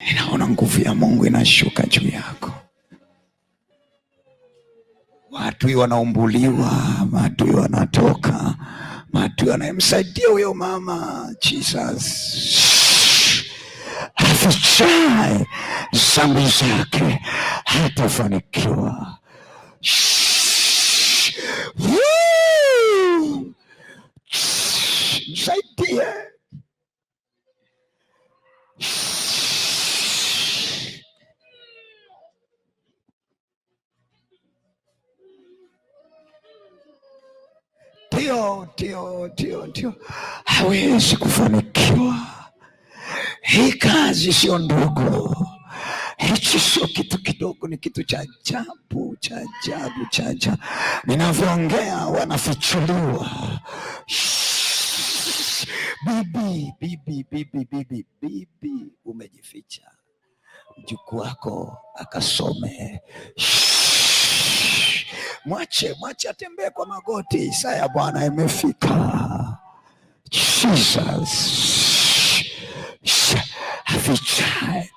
Ninaona nguvu ya Mungu inashuka juu yako. Maadui wanaumbuliwa, maadui wanatoka, maadui anayemsaidia huyo mama Jesus afichae zambi zake hatafanikiwa. Msaidie ndio ndio ndio ndio hawezi kufanikiwa. Hii kazi sio ndogo, hichi sio kitu kidogo, ni kitu cha ajabu cha ajabu cha ajabu. Ninavyoongea wanafichuliwa. Bibi, bibi, bibi, bibi, bibi, umejificha, mjukuu wako akasome. Mwache, mwache atembee kwa magoti. Saa ya Bwana imefika. Jesus afichae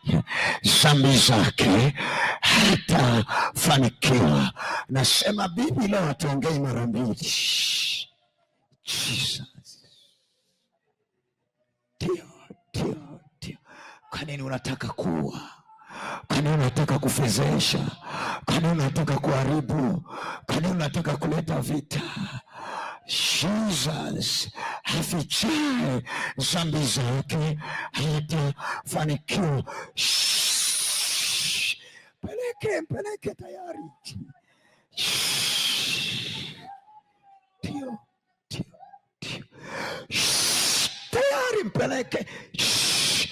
dhambi zake hatafanikiwa. Nasema bibi leo hatuongei mara mbili. Jesus, ndio, ndio, ndio. Kwa nini unataka kuwa Kani unataka kufezesha, kani unataka kuharibu, kani unataka kuleta vita. Jesus hafichii zambi zake, hatafanikiwa. Mpeleke, mpeleke tayari. tayari mpeleke. Shhh.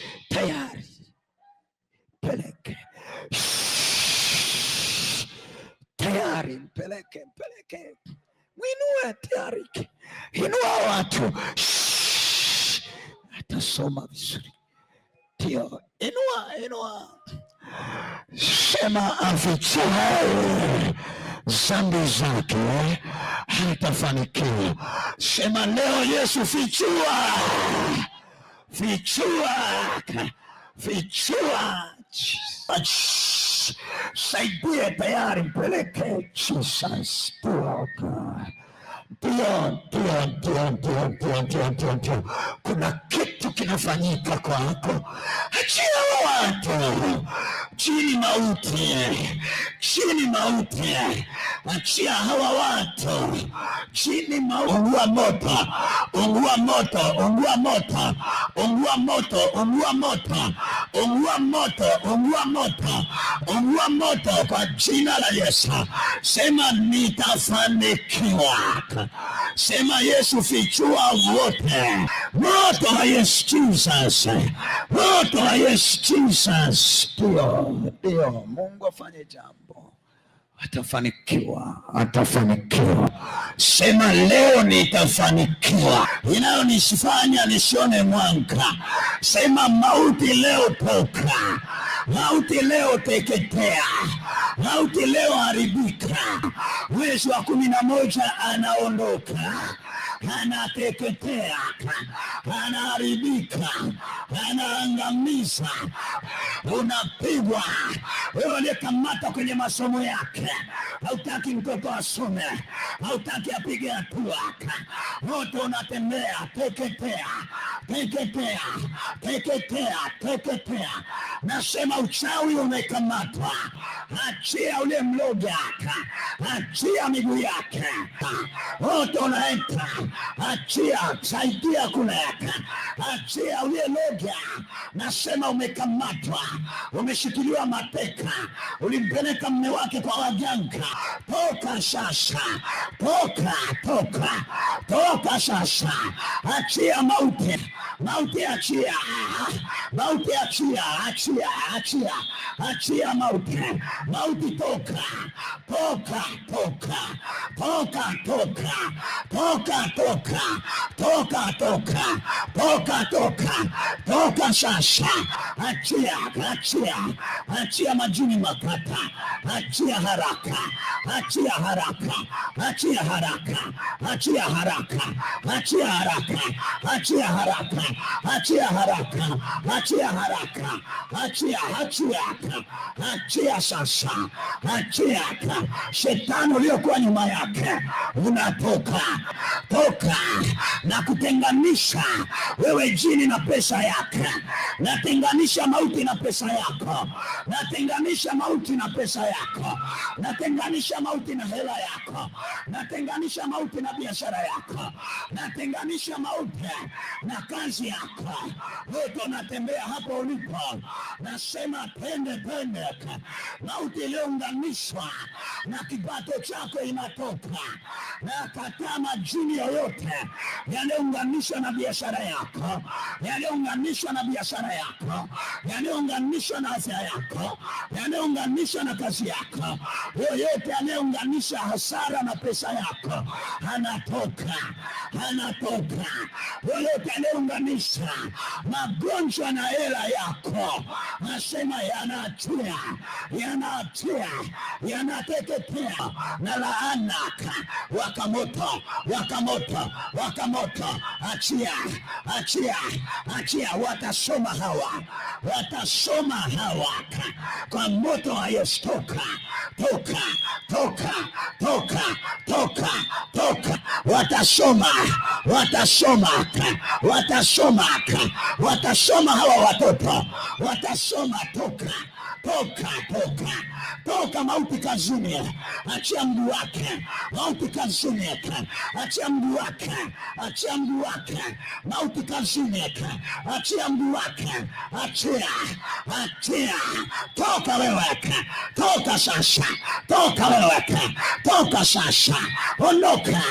tayari, mpeleke, mpeleke, mwinue tayari, inua watu, atasoma vizuri, ndio, inua, inua, sema afichaye zambi zake hatafanikiwa. Sema leo, Yesu fichua, fichua, fichua. Jesus. Saidie tayari, mpeleke Jesus. Ndio, ndio, ndio, ndio, ndio, ndio, ndio, ndio. Kuna kitu kinafanyika kwako, achia watu chini mauti chini mauti, achia hawa watu chini mauti. Ungua moto, ungua moto, ungua moto, ungua moto, ungua moto, ungua moto, ungua moto, ungua moto kwa jina la Yesu. Sema nitafanikiwa, sema Yesu, fichua wote moto wa Yesu Jesus, moto wa Yesu Jesus. Ndio, ndio Mungu afanye jambo Atafanikiwa, atafanikiwa. Sema leo nitafanikiwa, inayonisifanya nisione mwanga. Sema mauti leo poka mauti leo teketea, mauti leo haribika. Mwezi wa kumi na moja anaondoka anateketea, anaharibika, anaangamiza, unapigwa wewe aliyekamata kwenye masomo yake. Hautaki mtoto asome, hautaki apige hatua, wote unatembea teketea, teketea, teketea, teketea. Nasema uchawi umekamatwa, achia ule mloga, achia miguu yake, wote unaenda achia, saidia kule, achia uliye loga. Nasema umekamatwa, umeshikiliwa mateka, ulimpeleka mme wake kwa waganga. Toka sasa, toka, toka, toka sasa, achia mauti, mauti achia, mauti achia, achia, achia, achia mauti, mauti toka, toka, toka, toka, toka, toka toka, toka, toka, toka, toka, toka sasa. Achia, achia, achia majini makata, achia haraka, achia haraka, achia haraka, achia haraka, achia haraka, achia haraka, achia haraka, achia haraka, achia, achia, achia sasa, achia. Shetani uliokuwa nyuma yake unatoka kutoka na kutenganisha wewe jini na pesa yako, natenganisha mauti na pesa yako, natenganisha mauti na pesa yako, natenganisha mauti na hela yako, natenganisha mauti na biashara yako, natenganisha mauti na kazi yako. Wewe unatembea hapo ulipo, nasema pende pende. Mauti iliyounganishwa na kipato chako inatoka na katama jini yote yaliyounganishwa na biashara yako, yaliyounganishwa na biashara yako, yaliyounganishwa na afya yako, yaliyounganishwa na kazi yako, yoyote yaliyounganisha hasara na pesa yako anatoka, anatoka. Yoyote yaliyounganisha magonjwa na hela yako, nasema yanaachia, yanaachia, yanateketea na laana wakamoto, wakamoto wakamota, wakamota. Achia, achia, achia! Watasoma hawa, watasoma hawa kwa moto wa Yesu. Toka, toka, toka, toka, toka, toka! Watasoma, watasoma, watasoma, watasoma hawa watoto, watasoma. Toka, toka, toka toka mauti kazumia, achia mguu wake, mauti kazumia, achia mguu wake, achia mguu wake, mauti kazumia, achia mguu wake, achia, achia, toka wewe, toka sasa, toka wewe, toka sasa, ondoka,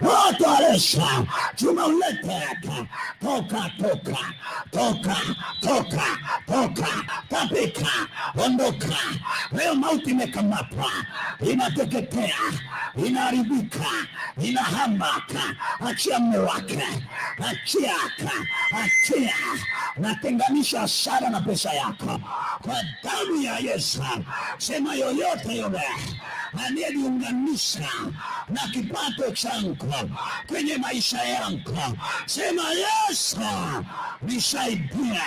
wote walesa chuma ulete, toka, toka, toka, toka, toka, tapika, ondoka. Leo mauti imekamatwa, inateketea, inaharibika, inahamaka. Achia mme wake, achia aka, achia. Natenganisha hasara na pesa yako kwa damu ya Yesu. Sema yoyote yule aniyejiunganisha na kipato changu kwenye maisha yangu, sema Yesu nisaidia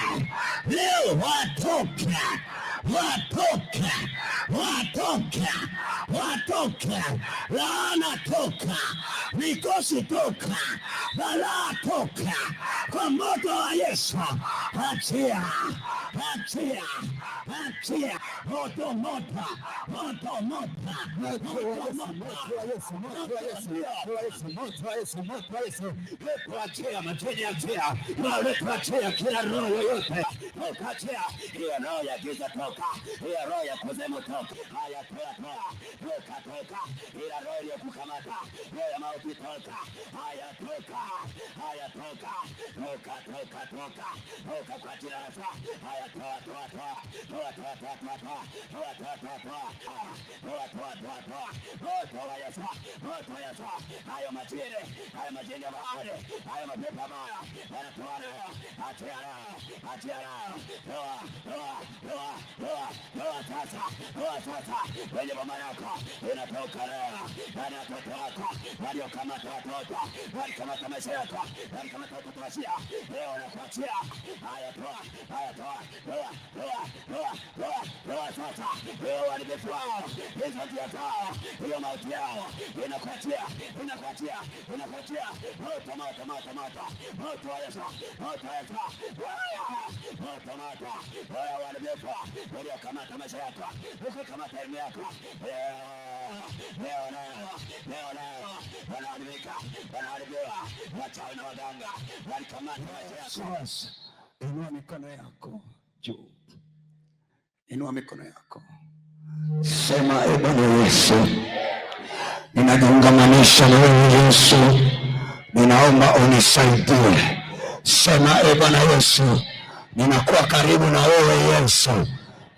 leo, watoke watoka, watoka, watoka, laana toka, mikosi toka, balaa toka, kwa moto wa Yesu. Achia, achia, achia, moto, moto, moto, moto, achia kila roho yoyote, achia hiyo roho ya giza toka toka, hiyo roho ya kuzimu toka. Haya, toa toa, toka toka, ila roho ya kukamata, roho ya mauti toka. Haya, toka, haya, toka, toka, toka, toka, toka kwa jina la Yesu. Haya, toa toa toa, toa toa toa toa toa, toa toa toa toa, toa toa toa toa, toa toa Yesu, toa toa Yesu. Hayo majini, hayo majini ya bahari, hayo mapepo mabaya, yanatoa roho, achia roho, achia roho, toa toa toa Toa, toa sasa, toa sasa kwenye mama yako inatoka leo. Ndani ya watoto wako waliokamata watoto, walikamata maisha yako, walikamata watoto washia, leo wanakuachia. Haya, toa, haya, toa, toa, toa, toa, toa, toa sasa. Hiyo uharibifu wao, hizo njia zao, hiyo mauti yao inakuachia, inakuachia, inakuachia. Moto, moto, moto, moto, moto wa Yesu, moto wa Yesu, moto, moto, moto, uharibifu maisha yako, ukakamata elimu yako, leo leo wanaharibika, wanaharibiwa. Wachawi na waganga walikamata maisha yako. inua mikono yako juu, inua mikono yako, sema e Bwana Yesu, ninajiungamanisha na wewe Yesu, ninaomba unisaidie. Sema e Bwana Yesu, ninakuwa karibu na wewe Yesu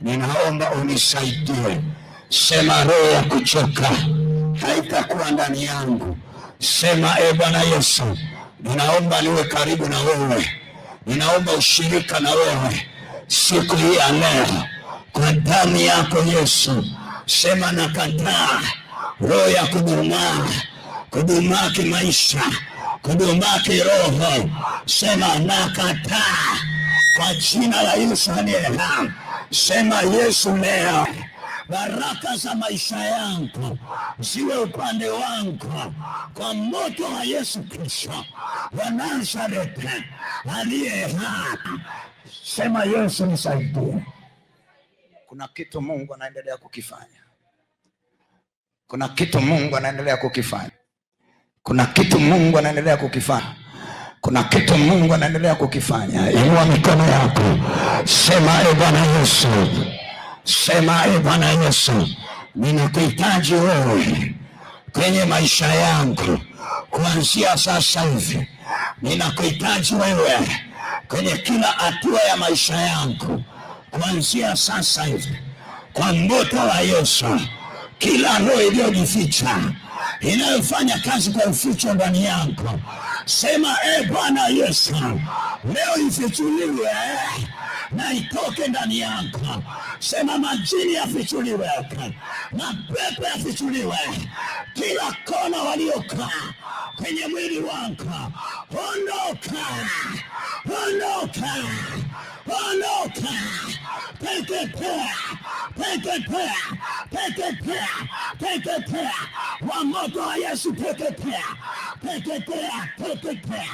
ninaomba unisaidie. Sema roho ya kuchoka haitakuwa ndani yangu. Sema e Bwana Yesu, ninaomba niwe karibu na wewe, ninaomba ushirika na wewe siku hii ya leo, kwa damu yako Yesu. Sema nakataa roho ya kudumaa, kudumaa kimaisha, kudumaa kiroho. Sema nakataa kwa jina la Yesu aliye hai Sema Yesu mea, baraka za maisha yangu ziwe upande wangu kwa moto wa Yesu Kristo wa Nazareti aliye hai. Sema Yesu nisaidie. Kuna kitu Mungu anaendelea kukifanya, kuna kitu Mungu anaendelea kukifanya, kuna kitu Mungu anaendelea kukifanya. Kuna kitu Mungu anaendelea kukifanya. Inua mikono yako, sema e Bwana Yesu, sema e Bwana Yesu, ninakuhitaji wewe kwenye maisha yangu kuanzia sasa hivi. Ninakuhitaji wewe kwenye kila hatua ya maisha yangu kuanzia sasa hivi, kwa mbuto wa Yesu kila roho iliyojificha inayofanya kazi kwa uficho ndani yako, sema e Bwana Yesu, leo ifichuliwe na itoke ndani yako. Sema majini yafichuliwe, mapepo yafichuliwe, kila kona waliokaa kwenye mwili wangu, ondoka, ondoka, ondoka, teketea teketea, teketea, teketea wa moto wa Yesu, teketea, teketea, teketea,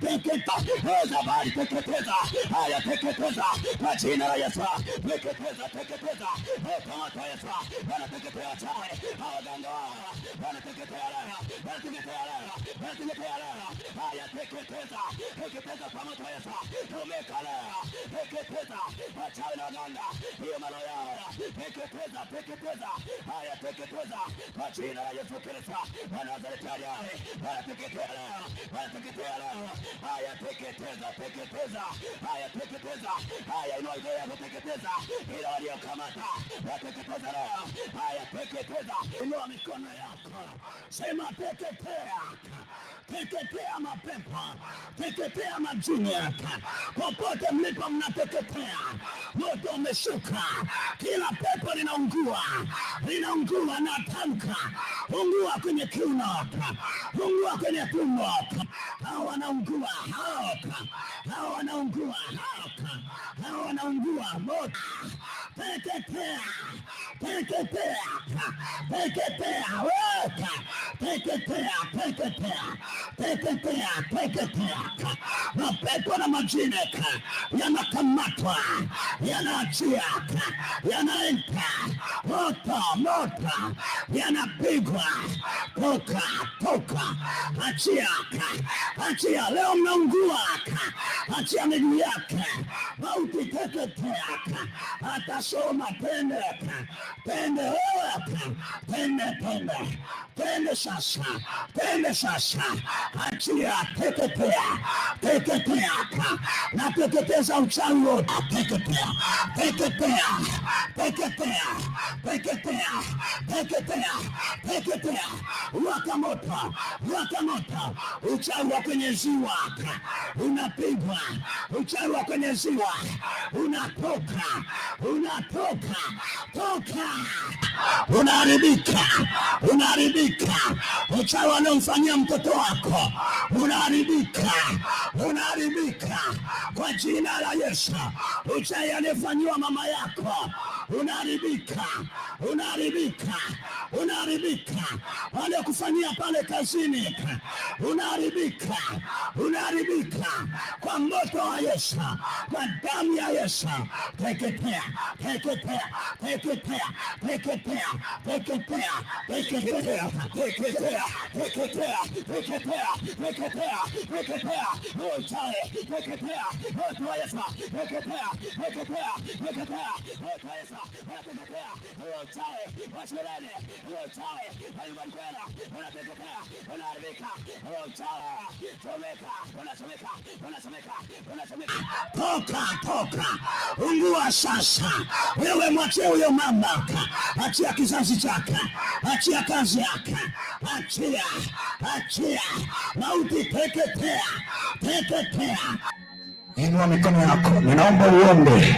teketeza bali, teketeza haya, teketeza kwa jina la Yesu, teketeza, teketeza moto wa Yesu, wanateketea chawe, hawaganga wao wanateketea leo, wanateketea leo, wanateketea leo, haya, teketeza, teketeza kwa moto wa Yesu, tumeka teketeza kwa chawe na waganga, hiyo mano yao teketeza, teketeza, haya teketeza kwa jina la Yesu Kristo wa Nazareti aliye, anateketea leo, anateketea leo, haya teketeza, teketeza, haya teketeza, haya inua ile ya kuteketeza, ila waliokamata wateketeza leo, haya teketeza, inua mikono yako, sema teketea, teketea mapepo, teketea majini yako, popote mlipo mnateketea, moto umeshuka kila pepo linaungua, linaungua na tamka, ungua kwenye kiuno, ungua kwenye tumbo. Hao wanaungua, hao hao wanaungua, hao wanaungua moto teketea, teketea, teketea, weka, teketea, teketea, teketea, teketea. Mapepo na majini yanakamatwa, yanaachia, yanaenda moto, moto, yanapigwa, toka, toka, achia, achia. Leo mnaungua, achia miguu yake, mauti teketea, tunasoma pende hapa, pende wewe hapa, pende, pende, pende sasa, pende sasa, achia, teketea, teketea hapa, na teketeza uchawi wote, teketea, teketea, teketea, teketea, teketea, teketea, waka moto, waka moto, uchawi wa kwenye ziwa hapa unapigwa, uchawi wa kwenye ziwa unatoka una Toka, toka, unaharibika, unaharibika uchawi wanaomfanyia mtoto wako unaharibika, unaharibika kwa jina la Yesu. Uchawi anayefanyiwa mama yako unaharibika, unaharibika, unaharibika. Waliokufanyia pale kazini unaharibika, unaharibika kwa moto wa Yesu, kwa damu ya Yesu. Teketea, teketea, teketea, teketea, teketea, teketea, teketea rekopea rekopea rekopea rekopea rekopea oitale rekopea otoyesa rekopea rekopea rekopea otoyesa rekopea oitale washirene oitale alimankwela unatekopea unaharibika oitale someka unasomeka unasomeka unasomeka toka toka ungua sasa wewe mwachie huyo mamlaka achia kizazi chake achia kazi yake achia, achia, mauti teketea, teketea. Inua mikono yako, ninaomba uombe.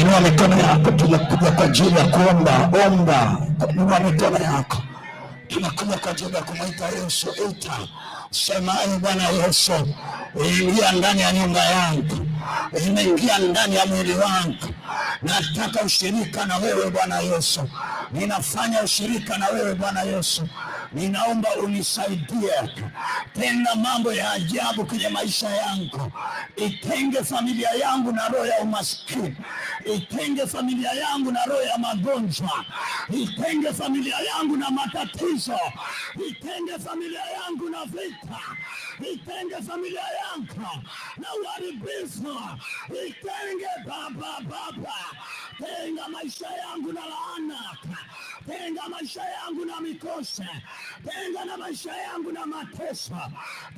Inua mikono yako, tunakuja kwa ajili ya kuomba. Omba, inua mikono yako, tunakuja kwa ajili ya kumwita Yesu. Ita, sema e Bwana Yesu, ingia ndani ya nyumba yangu, imeingia ndani ya mwili wangu. Nataka ushirika na wewe Bwana Yesu, ninafanya ushirika na wewe Bwana Yesu ninaomba unisaidie tena mambo ya ajabu kwenye maisha yangu. Itenge familia yangu na roho ya umaskini, itenge familia yangu na roho ya magonjwa, itenge familia yangu na matatizo, itenge familia yangu na vita, itenge familia yangu na uharibifu, itenge Baba, Baba, tenga maisha yangu na laana Tenga maisha yangu na mikose, tenga na maisha yangu na mateso,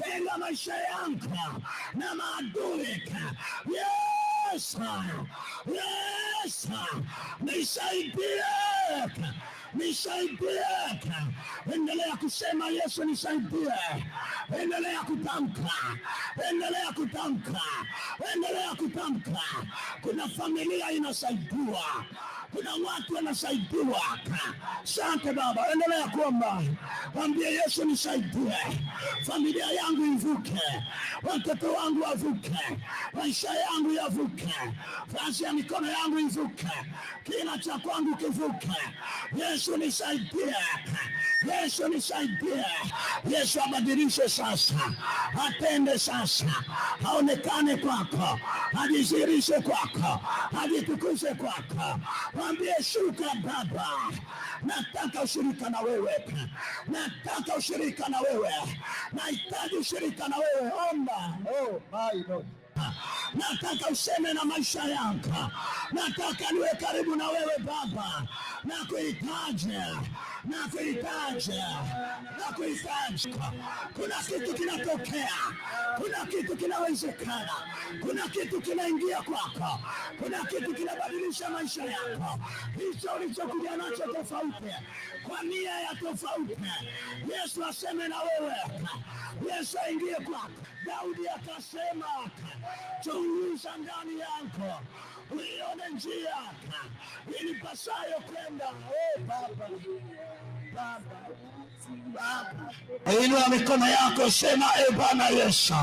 tenga maisha yangu na maadui. Yesu, Yesu nisaidie, nisaidie. Endelea kusema Yesu nisaidie, endelea kutamka, endelea kutamka, endelea kutamka. Kuna familia inasaidiwa kuna watu wanasaidiwa Sante Baba, endelea kuomba, mwambie Yesu, nisaidie, familia yangu ivuke, watoto wangu wavuke, maisha yangu yavuke, kazi ya mikono yangu ivuke, kila cha kwangu kivuke. Yesu nisaidie. Yesu nisaidie. Yesu abadilishe sasa, atende sasa, aonekane kwako, ajizirishe kwako, ajitukuze kwako. Mwambie shuka Baba, nataka ushirika na wewe, nataka ushirika na wewe, nahitaji ushirika na wewe. Omba oh, nataka useme na maisha yako nataka niwe karibu na wewe Baba, nakuhitaji, nakuhitaji, nakuhitaji. Kuna kitu kinatokea, kuna kitu kinawezekana, kuna kitu kinaingia kwako, kuna kitu kinabadilisha maisha yako, hicho ulichokuja nacho tofauti, kwa nia ya tofauti. Yesu aseme na wewe, Yesu aingie kwako. Daudi akasema kuuliza ndani yako uione njia ilipasayo kwenda. Oh, Baba, inua mikono yako, sema e Bwana Yesu,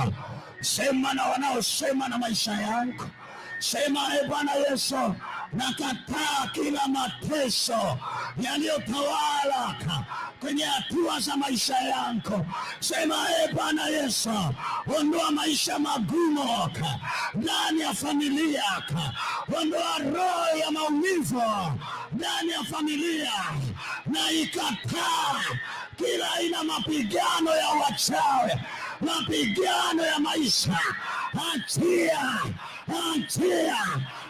sema na wanaosema na maisha yako Sema e Bwana Yesu, nakataa kila mateso yaliyotawala kwenye hatua za maisha yangu. Sema e Bwana Yesu, ondoa maisha magumu ndani ya familia, ondoa roho ya maumivu ndani ya familia, na ikataa kila aina mapigano ya wachawi, mapigano ya maisha, achia njia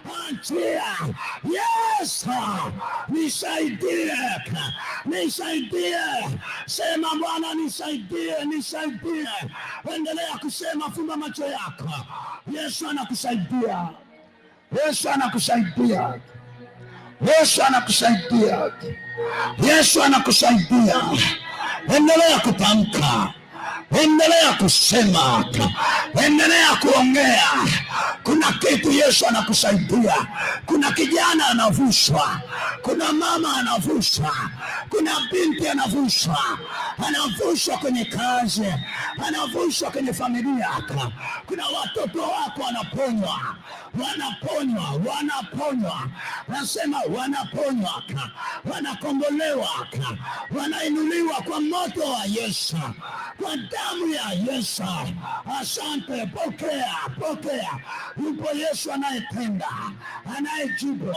kwa njia. nisaidie, nisaidie, sema Bwana nisaidie, nisaidie. Endelea kusema, funga macho yako. Yesu anakusaidia, Yesu anakusaidia Yesu anakusaidia, Yesu anakusaidia. Endelea kutamka endelea kusema, endelea kuongea. Kuna kitu Yesu anakusaidia. Kuna kijana anavuswa, kuna mama anavuswa, kuna binti anavuswa, anavuswa kwenye kazi, anavuswa kwenye familia. Kuna watoto wako wanaponywa, wanaponywa, wanaponywa, nasema wanaponywa, wanakombolewa, wanainuliwa kwa moto wa Yesu kwa damu ya Yesu. Asante, pokea, pokea. Yupo Yesu anayetenda, anayejibu.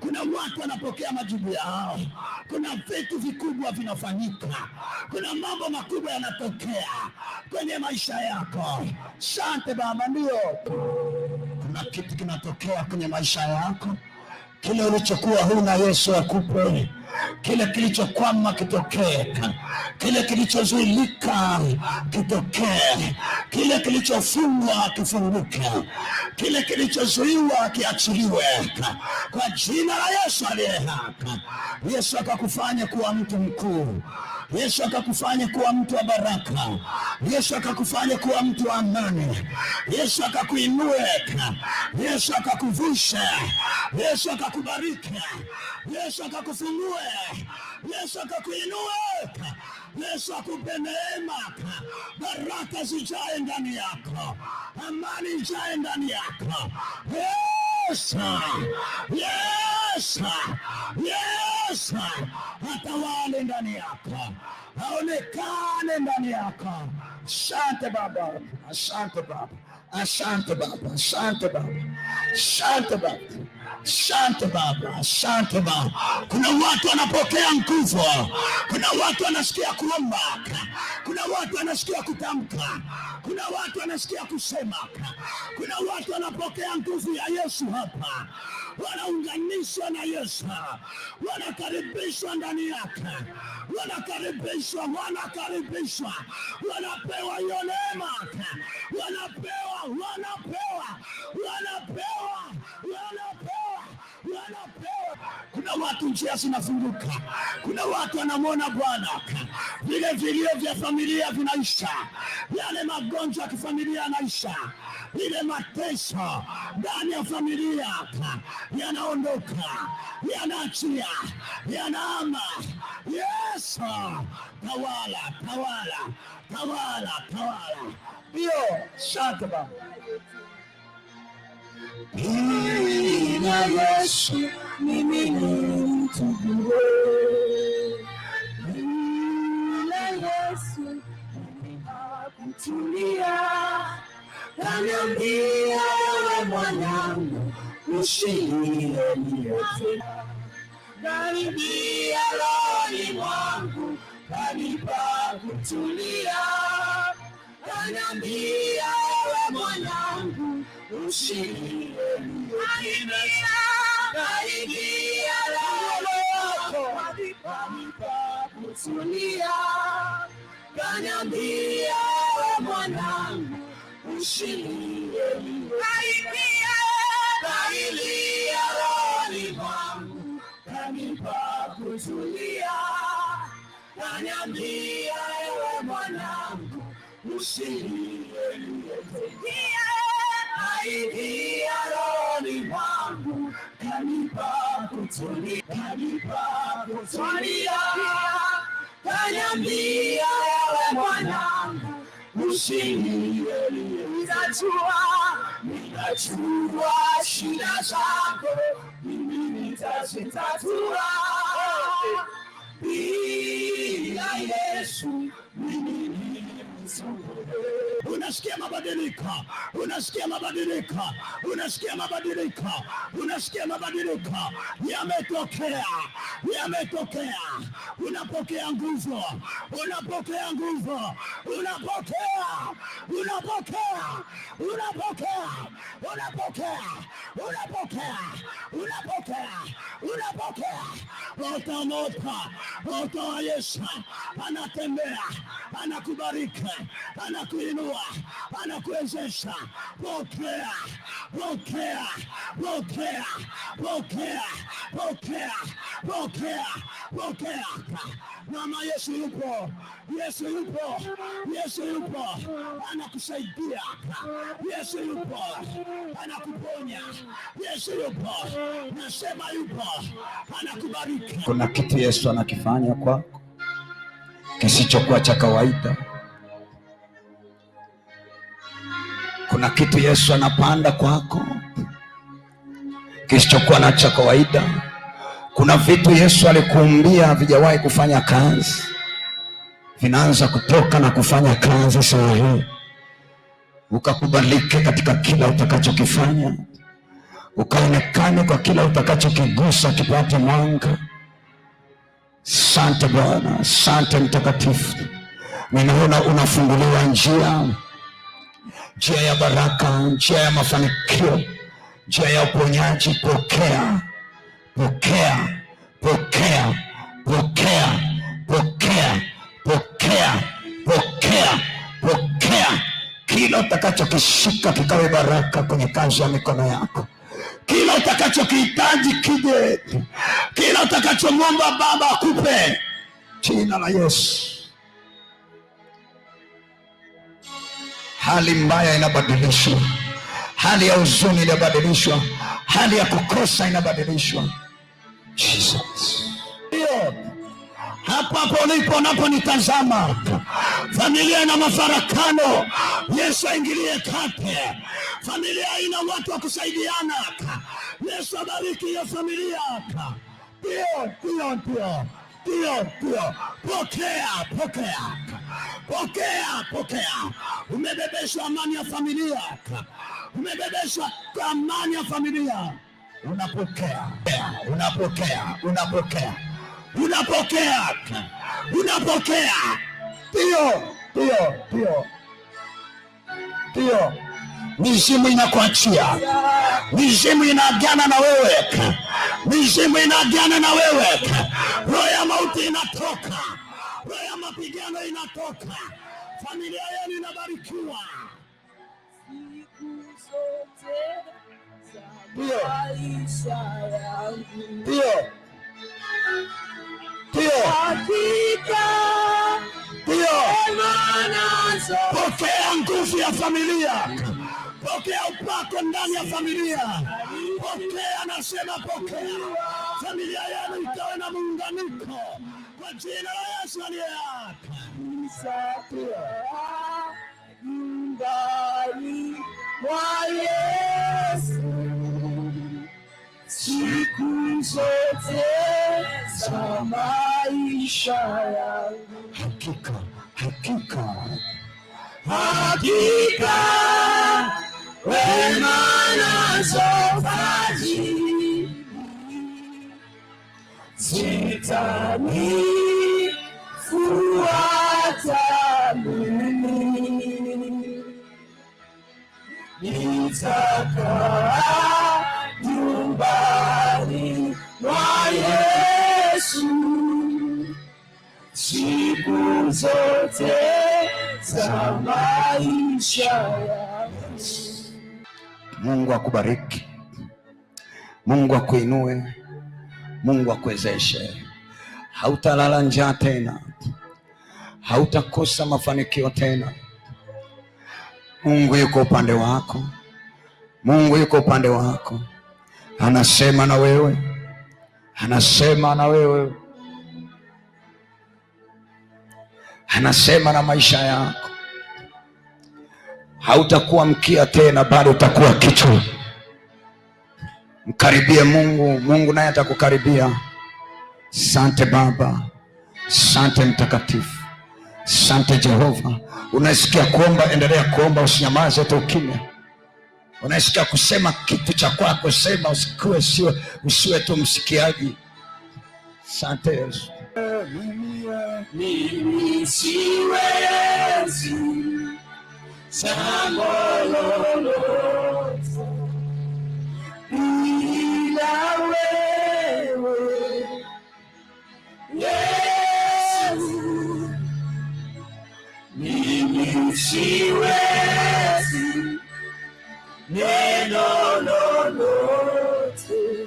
Kuna watu wanapokea majibu yao, kuna vitu vikubwa vinafanyika, kuna mambo makubwa yanatokea kwenye maisha yako. sante Baba, ndio kuna kitu kinatokea kwenye maisha yako, kile ulichokuwa huna Yesu akupe. Kile kilichokwama kitokee, kile kilichozuilika kitokee, kile kilichofungwa kifunguke, kile kilichozuiwa kiachiliwe kwa jina la Yesu aliye hapa. Yesu akakufanya kuwa mtu mkuu. Yesu akakufanya kuwa mtu wa baraka. Yesu akakufanya kuwa mtu wa amani. Yesu akakuinua. Yesu akakuvusha. Yesu akakubariki. Yesu akakufungua. Yesu akakuinua. Yesu akupe neema, baraka zijae ndani yako, amani ijae ndani yako. yes, yes, yes, atawale ndani yako, aonekane ndani yako. Asante Baba, asante Baba. Asante Baba, asante Baba, asante Baba, asante Baba, asante Baba. Kuna watu wanapokea nguvu, kuna watu wanasikia kuomba, kuna watu wanasikia kutamka, kuna watu wanasikia kusema, kuna watu wanapokea nguvu ya Yesu hapa wanaunganishwa na Yesu, wanakaribishwa ndani yake, wanakaribishwa, wanakaribishwa, wanapewa hiyo neema, wanapewa, wanapewa, wanapewa kuna watu njia zinafunguka, kuna watu wanamwona Bwana, vile vilio vya familia vinaisha, yale magonjwa ya kifamilia yanaisha, vile mateso ndani ya familia yanaondoka, yanaachia, yanaama. Yesu tawala, tawala, tawala, tawala, ndio shatba Nina Yesu mimi ni mtu bure. Nina Yesu hakutulia, kaniambia we mwanangu, usilie niliyotenda. Kaniambia rohoni mwangu, kanipa kutulia, kaniambia we mwanangu ushindi naingia leo wako kutulia kaniambia mwanangu ushindi naingia kailia rohoni mwangu kanipa kutulia kaniambia ewe mwanangu ushindi Kanitia rohoni mwangu, kanipa kutulia, kanipa kutulia, mwanangu, ushindi nitajua, nitajua shida zako, mimi nitazitatua bila Yesu mimi Unasikia mabadiliko, unasikia mabadiliko, unasikia mabadiliko, unasikia mabadiliko yametokea, yametokea. Unapokea nguvu, unapokea nguvu, unapokea, unapokea, unapokea, unapokea, unapokea, unapokea, unapokea. Watamoka, watawa anatembea, anakubarika anakuinua, anakuwezesha. Pokea, pokea, pokea, pokea, pokea, pokea, pokea. Mama, Yesu yupo, Yesu yupo, Yesu yupo, anakusaidia. Yesu yupo, anakuponya. Yesu yupo, nasema yupo, anakubariki. Kuna kitu Yesu anakifanya kwako kisichokuwa cha kawaida. Kuna kitu Yesu anapanda kwako kisichokuwa na cha kawaida. Kuna vitu Yesu alikuumbia havijawahi kufanya kazi, vinaanza kutoka na kufanya kazi saa hii. Ukakubalike katika kila utakachokifanya, ukaonekane kwa kila utakachokigusa kipate mwanga. Sante Bwana, sante Mtakatifu, ninaona unafunguliwa njia njia ya baraka, njia ya mafanikio, njia ya uponyaji. Pokea, pokea, pokea, pokea, pokea, pokea, pokea, pokea. Kila utakachokishika kikawe baraka kwenye kazi ya mikono yako kila utakachokihitaji kije, kila utakachomwomba Baba akupe, jina la Yesu. Hali mbaya inabadilishwa, hali ya huzuni inabadilishwa, hali ya kukosa inabadilishwa. Hapo hapo ulipo unaponitazama, familia ina mafarakano, Yesu aingilie kati. Familia ina watu wa kusaidiana, Yesu abariki hiyo familia. Ndio, ndio, ndio ndio, ndio. Pokea, pokea, pokea, pokea. Umebebeshwa amani ya familia, umebebeshwa amani ya familia. Unapokea, unapokea, unapokea, unapokea, unapokea. Ndio, ndio, ndio, ndio mizimu inakuachia, mizimu inaagana na wewe, mizimu inaagana na wewe. Roho ya mauti inatoka, roho ya mapigano inatoka. Familia yenu inabarikiwa. Ndio, ndio, ndio, ndio. Pokea nguvu ya familia. Pokea upako ndani ya familia. Pokea, nasema pokea. Familia yenu ikawe na muunganiko kwa jina la Yesu aliye nyumbani mwa Yesu siku zote za maisha yangu. Hakika, hakika, hakika wema nazofaji zitanifuata mimi nitakaa nyumbani mwa Yesu siku zote za maisha yangu. Mungu akubariki, Mungu akuinue, Mungu akuwezeshe. Hautalala njaa tena, hautakosa mafanikio tena. Mungu yuko upande wako, Mungu yuko upande wako, anasema na wewe, anasema na wewe, anasema na maisha yako hautakuwa mkia tena, bado utakuwa kichwa. Mkaribie Mungu, Mungu naye atakukaribia. Sante Baba, sante Mtakatifu, sante Jehova. Unaisikia kuomba, endelea kuomba, usinyamaze hata ukimya. Unaisikia kusema kitu cha kwako, sema, usikue, usiwe, usiwe tu msikiaji. Sante Yesu. Mimi siwezi Chamololotso. Bila wewe. Yesu. Mimi siwezi. na lolote.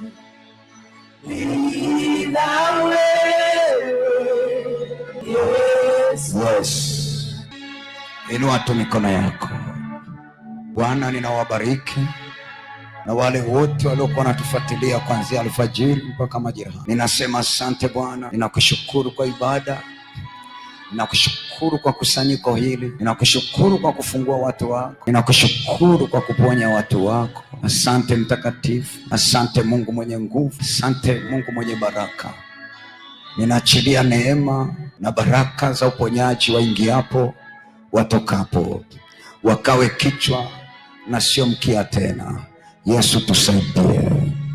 Inua tu mikono yako. Bwana, ninawabariki na wale wote waliokuwa wanatufuatilia kuanzia alfajiri mpaka majira. Ninasema asante Bwana, ninakushukuru kwa ibada, ninakushukuru kwa kusanyiko hili, ninakushukuru kwa kufungua watu wako, ninakushukuru kwa kuponya watu wako. Asante Mtakatifu, asante Mungu mwenye nguvu, asante Mungu mwenye baraka. Ninaachilia neema na baraka za uponyaji waingiapo watokapo, wakawe kichwa na sio mkia tena. Yesu tusaidie.